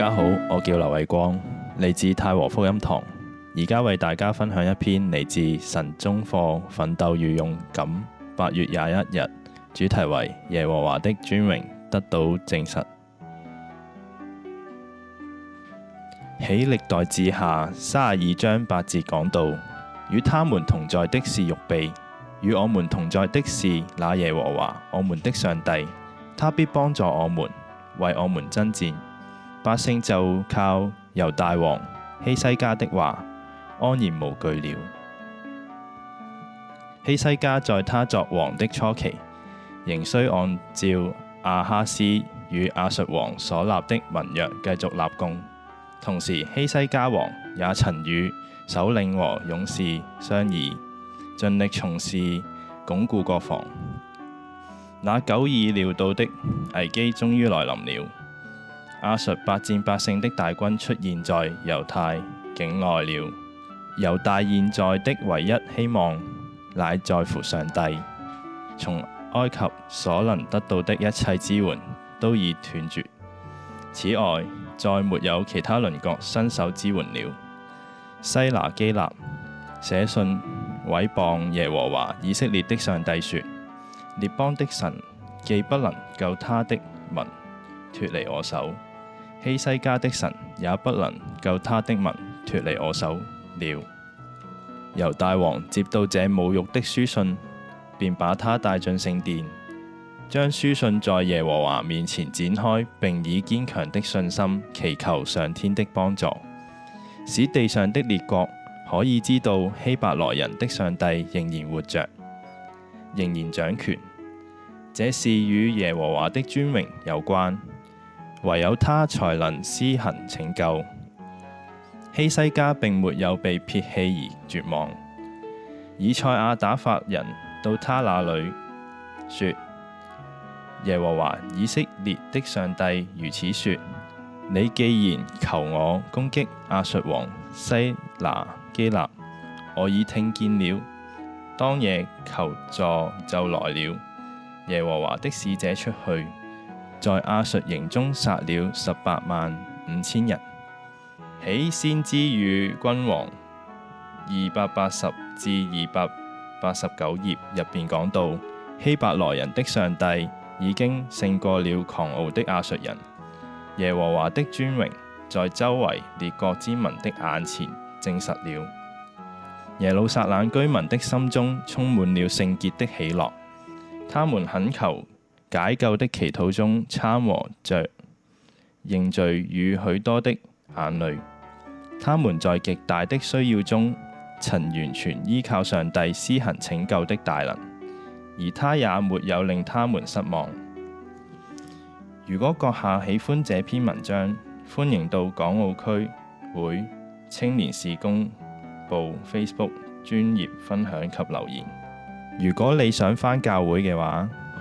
大家好，我叫劉偉光，嚟自太和福音堂，而家為大家分享一篇嚟自神中課《奮鬥與勇敢》，八月廿一日，主題為耶和華的尊榮得到證實。喺歷代志下三十二章八節講到：與他們同在的是肉臂，與我們同在的是那耶和華我們的上帝，他必幫助我們，為我們爭戰。百姓就靠猶大王希西家的話安然無懼了。希西家在他作王的初期，仍需按照亞哈斯與亞述王所立的盟約繼續立供，同時希西家王也曾與首領和勇士商議，盡力從事鞏固國防。那久已料到的危機終於來臨了。亞述百戰百勝的大軍出現在猶太境外了。猶大現在的唯一希望乃在乎上帝。從埃及所能得到的一切支援都已斷絕，此外再沒有其他鄰國伸手支援了。西拿基立寫信毀謗耶和華以色列的上帝說：列邦的神既不能救他的民脱離我手。希西家的神也不能救他的民脫離我手了。猶大王接到這侮辱的書信，便把他帶進聖殿，將書信在耶和華面前展開，並以堅強的信心祈求上天的幫助，使地上的列國可以知道希伯來人的上帝仍然活着，仍然掌權。這事與耶和華的尊榮有關。唯有他才能施行拯救。希西家並沒有被撇棄而絕望。以賽亞打發人到他那裏，說：耶和華以色列的上帝如此說：你既然求我攻擊亞述王西拿基立，我已聽見了。當夜求助就來了。耶和華的使者出去。在亞述營中殺了十八萬五千人，起先知與君王二百八十至二百八十九頁入邊講到，希伯來人的上帝已經勝過了狂傲的亞述人，耶和華的尊榮在周圍列國之民的眼前證實了。耶路撒冷居民的心中充滿了聖潔的喜樂，他們懇求。解救的祈禱中參和着認罪與許多的眼淚，他們在極大的需要中曾完全依靠上帝施行拯救的大能，而他也沒有令他們失望。如果閣下喜歡這篇文章，歡迎到港澳區會青年事工部 Facebook 專頁分享及留言。如果你想返教會嘅話，